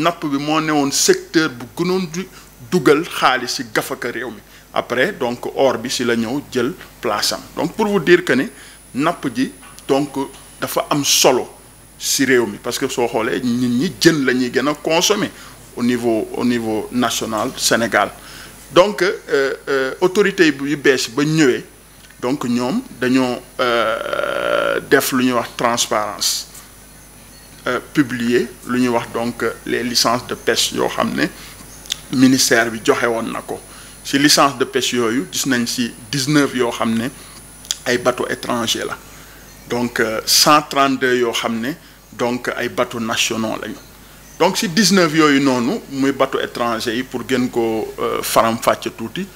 napp bi moo newoon secteur bu gënoon di dugal xaalis ci gafaka réew mi après donc or bi si la ñëw jël place am donc pour vous dire que ni napp ji donc dafa am solo ci réew mi parce que soo xoolee nit ñi jën la ñuy gën a consommer au niveau au niveau national Sénégal donc euh, euh, autorité yu bees ba ñëwee donc ñoom dañoo euh, def lu ñuy wax transparence Euh, publier lu ñuy wax donc euh, les licences de pêche yoo xam ne ministère bi joxe woon na ko ci licence de pêche yooyu gis nañ ci dix-neuf yoo xam ne ay bateaux étrangers la donc euh, cent trente yoo xam ne donc ay bateaux nationaux lañu donc ci dix-neuf yooyu noonu muy bateaux étrangers yi pour gën ko faramfàcce tuuti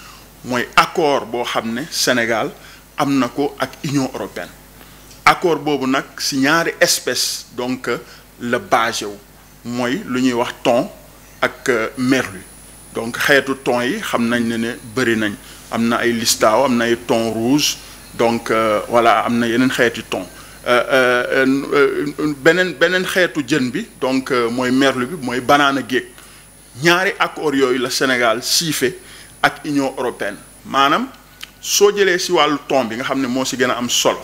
mooy accord boo xam ne Sénégal am na ko ak Union européenne accord boobu nag si ñaari espèce donc euh, la basé wu mooy lu ñuy wax thon ak euh, merlu donc xeetu ton yi xam nañ ne ne bëri nañ am na ay listaaw am na ay thon rouge donc euh, voilà am na yeneen xeeti thon beneen beneen xeetu jën bi donc mooy merlu bi mooy banaana géeg ñaari accord yooyu la Sénégal siife ak Union européenne maanaam soo jëlee si wàllu thon bi nga xam ne moo si gën a am solo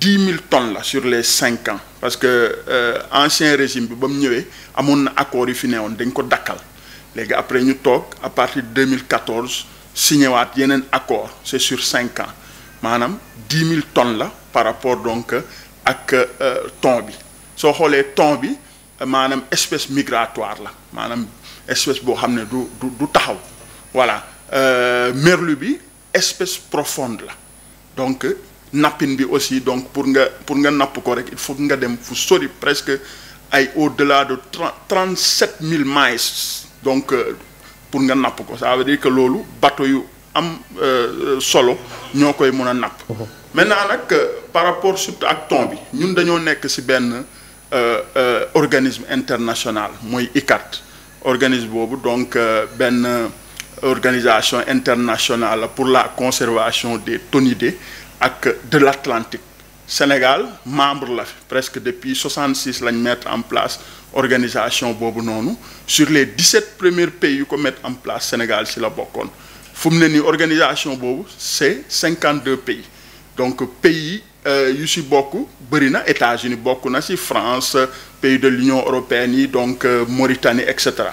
dix mille tonne la sur les cinq ans parce que euh, ancien régime bi ba mu ñëwee amoon na accord yu fi woon dañ ko dakkal léegi après ñu toog à partir de 2014 signé waat yeneen accord c'est sur cinq ans maanaam dix mille tonnes la par rapport donc ak euh, ton bi soo xoolee ton bi maanaam espèce migratoire la maanaam espèce boo xam ne du du du taxaw voilà euh, merlu bi espèce profonde la donc nappin bi aussi donc pour nga pour nga napp ko rek il faut nga dem fu sori presque ay au-delà de trente sept mille miles donc euh, pour nga napp ko ça veut dire que loolu bateau yu am euh, solo ñoo koy mun a napp. Uh-huh. maintenant nag euh, par rapport surtout ak ton bi ñun dañoo nekk ci benn organisme international mooy ICCAT organisme boobu donc benn organisation internationale pour la conservation des thonidés. ak de l'Atlantique Sénégal membre la presque depuis 66 lañ mettre en place organisation boobu noonu sur les 17 premiers pays yu ko mettre en place Sénégal si la bokkoon fu mu ne nii organisation boobu c'est 52 pays donc pays euh, yu si bokk bëri na États-Unis bokk na si France pays de l'Union européenne yi donc euh, Mauritanie et cetera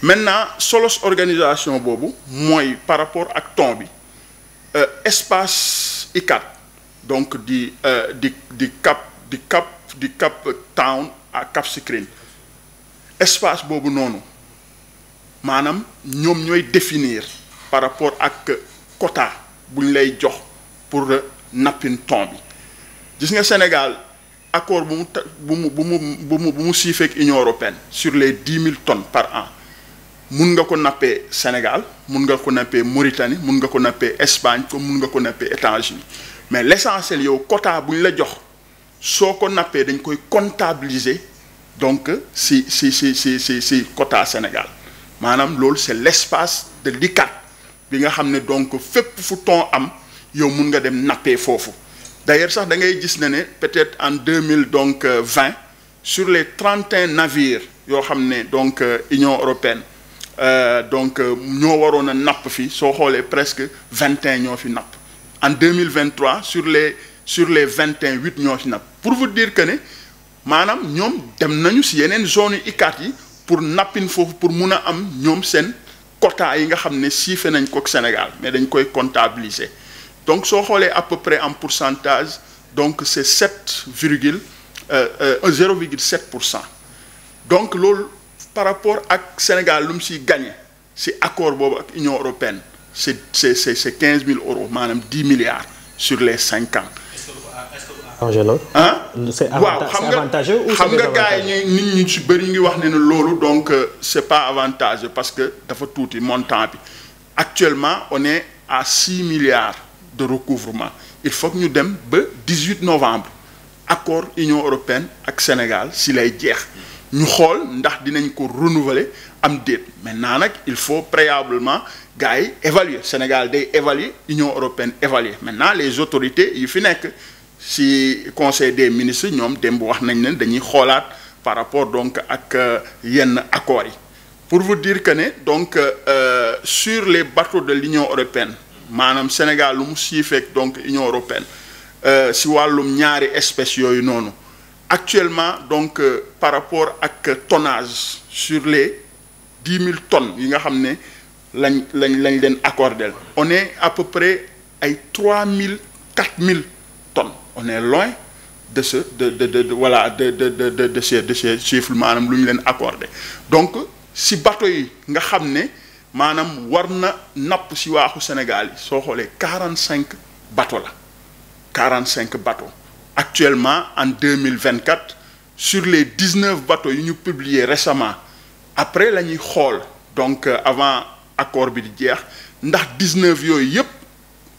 maintenant solos organisation boobu mooy par rapport ak ton bi. Euh, espace ICAT donc di euh, di di Cap di Cap di Cap Town ak Cap Skirring espace boobu noonu maanaam ñoom ñooy définir par rapport ak quota bu ñu lay jox pour nappin ton bi gis nga Sénégal accord bu mu bu mu bu mu bu mu siifeek Union européenne sur les dix mille tonnes par an mun nga ko nappee Sénégal mun nga ko nappee Mauritanie mun nga ko nappee Espagne comme mun nga ko nappee États-Unis mais l'essentiel yow quota bu ñu la jox soo ko nappee dañ koy comptabiliser donc si si si si si si quota Sénégal maanaam loolu c'est l'espace de l'ICCAT bi nga xam ne donc fépp fu ton am yow mun nga dem nappee foofu d'ailleurs sax da ngay gis ne ne peut-être en deux mille donc vingt sur les trente et un navires yoo xam ne donc euh, Union européenne Euh, donc euh, ñoo waroon a napp fii soo xoolee presque vingt et ñoo fi napp en deux mille vingt sur les sur les vingt et un huit ñoo fi napp pour vous dire que ne maanaam ñoom dem nañu si yeneen zone yu yi pour nappin foofu pour mun a am ñoom seen quota yi nga xam ne siife nañ ko Sénégal mais dañ koy comptabiliser donc soo xoolee à peu près en pourcentage donc c' est sept virgule euh, zéro virgule sept pour cent donc loolu. par rapport ak Sénégal lum si siy si accord boobu ak Union européenne c' est c' est c' est quinze mille euros maanaam dix milliards sur les cinq ans. changé lool. ah waaw xam nga xam nga gars yi ñu nit ñu si bëri ngi wax ne ne loolu donc euh, c' pas avantageux parce que dafa tuuti montant bi actuellement on est à six milliards de recouvrement il faut ñu dem ba dix huit novembre accord Union européenne ak Sénégal si lay jeex. ñu xool ndax dinañ ko renouveler am déet maintenant nag il faut préalablement gars yi évaluer Sénégal day évaluer Union européenne évaluer maintenant les autorités yu fi nekk si conseil des ministres ñoom démb wax nañ ne dañuy xoolaat par rapport donc ak euh, yenn accords yi pour vous dire que ne donc euh, euh, sur les bateaux de l'Union européenne maanaam Sénégal lu mu siifeek donc Union européenne euh, si wàllum ñaari espèces yooyu noonu actuellement donc euh, par rapport ak tonnage sur les dix mille tonnes yi nga xam ne lañ lañ lañ leen accordel on est à peu près ay trois mille quatre mille tonnes on est loin de ce de de de, de voilà de de de de de ces de ces chiffres maanaam lu ñu leen accordé donc si bateau yi nga xam ne maanaam war na napp si waaxu Sénégal yi soo xoolee quarante cinq bateaux la quarante cinq bateaux. actuellement en deux mille vingt 2024 sur les 19 bateaux yu ñu publier récemment après la ñuy xool donc euh, avant accord bi di jeex ndax 19 yooyu yëpp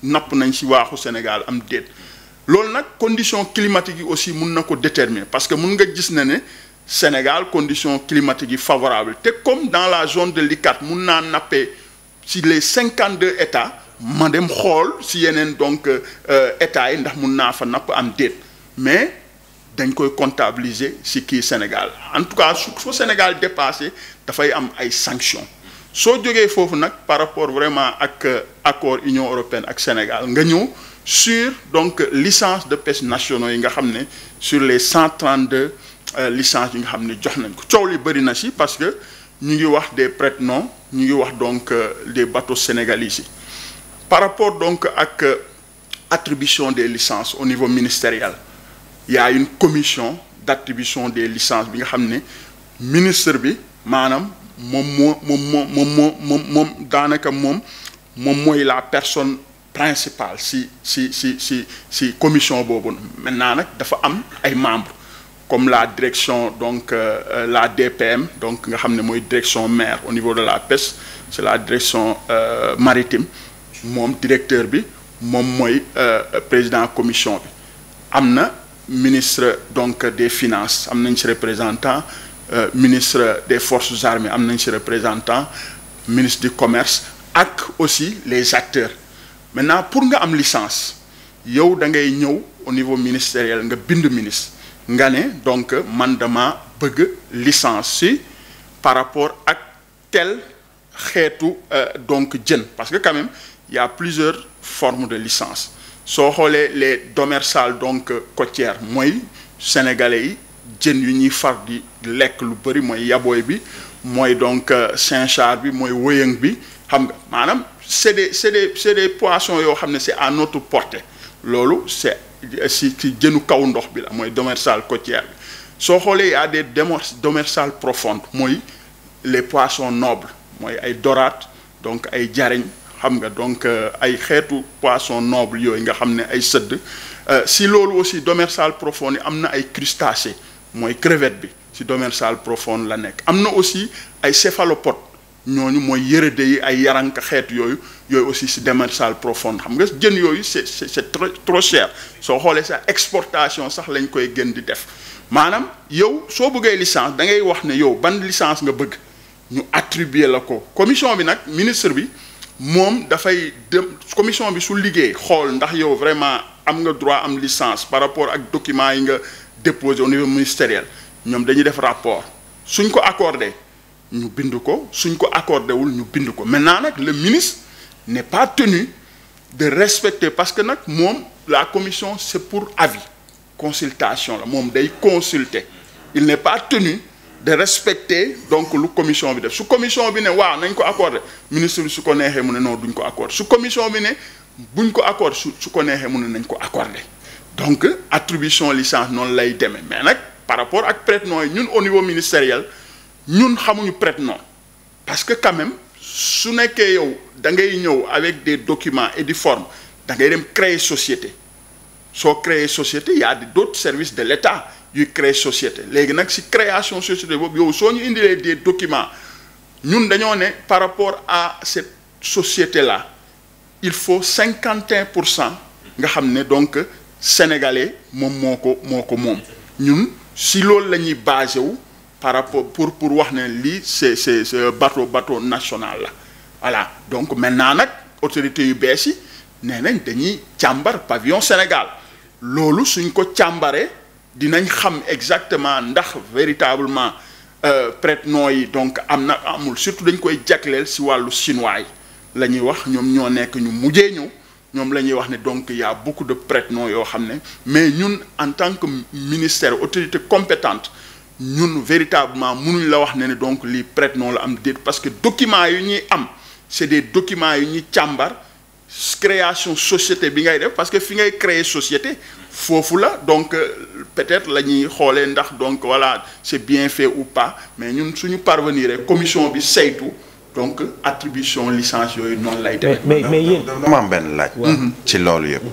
napp nañ ci waaxu Sénégal am déet loolu nag conditions climatiques yi aussi mun na ko déterminer parce que mun nga gis na ne Sénégal conditions climatique yi favorable te comme dans la zone de l'ICCAT mun naa nappee ci les cinquante deux états ma dem xool si yeneen donc euh, euh, états yi ndax mun naa fa napp am mais dañ koy comptabiliser si kii Sénégal en tout cas su ko Sénégal dépassé dafay am ay sanctions soo jógee foofu nag par rapport vraiment ak euh, accord Union européenne ak Sénégal nga ñëw sur donc licence de pêche nationaux yi nga xam ne sur les 132 euh, licences yi nga xam ne jox nañ ko coow li bëri na ci parce que ñu ngi wax des prête-noms ñu ngi wax donc euh, des bateaux sénégalais yi par rapport donc ak attribution des licences au niveau ministériel yaa a une commission d'attribution des licences bi nga xam ne ministre bi maanaam moom moo moom moom moom moo moom daanaka moom moom mooy la personne principale si si si si si commission boobu maintenant nag dafa am ay membres comme la direction donc euh, euh, la DPM donc nga xam ne mooy direction maire au niveau de la pêche c'est la direction euh, maritime moom directeur bi moom mooy euh, président commission bi na ministre donc des finances am nañ ci représentant euh, ministre des forces armées am nañ ci représentant ministre du commerce ak aussi les acteurs maintenant pour nga am licence yow da ngay ñëw au niveau ministériel nga bind ministre nga ne donc man dama bëgg licence si par rapport ak tel xeetu euh, donc jën parce que quand même il formes de licence soo xoolee les démersales donc euh, côtières mooy sénégalais yi jën yu ñuy far di lekk lu bëri mooy yabooy bi mooy donc euh, Saint-Charles bi mooy wëyëng bi xam nga maanaam c'est de c'est des c'est des poissons yoo xam ne si à notre portée loolu c'est si ci jënu kaw ndox bi la mooy démersale côtière bi soo xoolee y a des démersales profondes mooy les poissons nobles mooy ay dorade donc ay jariñ xam nga donc euh, ay xeetu poisson noble yooyu nga xam ne ay sëdd euh, si loolu aussi démersale profonde yi am na ay crustacés mooy crevette bi si démersale profonde la nekk am na aussi ay céphalopodes ñooñu mooy yërëde yi ay yaranka xeet yooyu yooyu aussi si démersale profonde xam nga jën yooyu c'est c'est trop soo xoolee sa exportation sax lañ koy gën di def maanaam yow soo bëggee licence da ngay wax ne yow ban licence nga bëgg ñu attribuer la ko commission bi nag ministre bi moom dafay dem commission bi su liggéey xool ndax yow vraiment am nga droit am licence par rapport ak document yi nga déposé au niveau ministériel ñoom dañuy def rapport suñ ko accordé ñu bind ko suñ ko accordé wul ñu bind ko maintenant nag le ministre n'est pas tenu de respecter parce que nag moom la commission c'est pour avis consultation la moom day consulter il n'est pas tenu de respecter donc lu commission bi def su commission bi ne waaw nañ ko accordé ministre bi su ko neexee mu ne non duñ ko accordé su commission bi ne buñ ko accordé su su ko neexee mu ne nañ ko accordé donc attribution licence noonu lay demee mais nag par rapport ak prête-nom yi ñun au niveau ministériel ñun xamuñu prête-nom parce que quand su nekkee yow da ngay ñëw avec des documents et des formes da ngay dem créer société soo créer société y di d'autres services de l'État yu créer société léegi nag si création société boobu yow soo ñu indilee des documents ñun dañoo ne par rapport à cette société la il faut cinquante et un pour cent nga xam ne donc sénégalais moom moo ko moo ko moom ñun si loolu la ñuy basé wu par rapport pour pour wax ne lii c'est c'est bateau bateau national la voilà donc maintenant nag autorités yu bees yi nee nañ dañuy càmbar pavillon Sénégal loolu suñ ko càmbaree. dinañ xam exactement ndax véritablement euh, prête-noms yi donc am na amul surtout dañ koy jagleel si wàllu chinois yi la ñuy wax ñoom ñoo nekk ñu mujjee ñëw ñoom la ñuy wax ne donc y a beaucoup de prête-noms yoo xam ne mais ñun en tant que ministère autorité compétente ñun véritablement mënuñ la wax ne ne donc lii prête-nom la am déet parce que documents yu ñuy am c'est des document yu ñuy càmbar création société bi ngay def parce que fi ngay créer société foofu la donc euh, peut-être la ñuy xoolee ndax donc voilà c'est bien fait ou pas mais ñun suñu parvenir commission bi saytu donc attribution licence yooyu noonu lay. mais mais yéen am benn laaj. ci loolu yëpp.